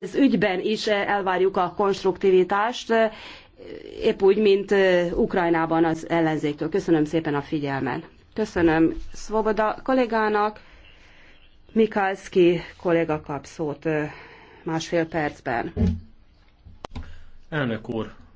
Ez ügyben is elvárjuk a konstruktivitást, épp úgy, mint Ukrajnában az ellenzéktől. Köszönöm szépen a figyelmet. Köszönöm Svoboda kollégának. Mikalski kolléga kap szót másfél percben. Elnök úr,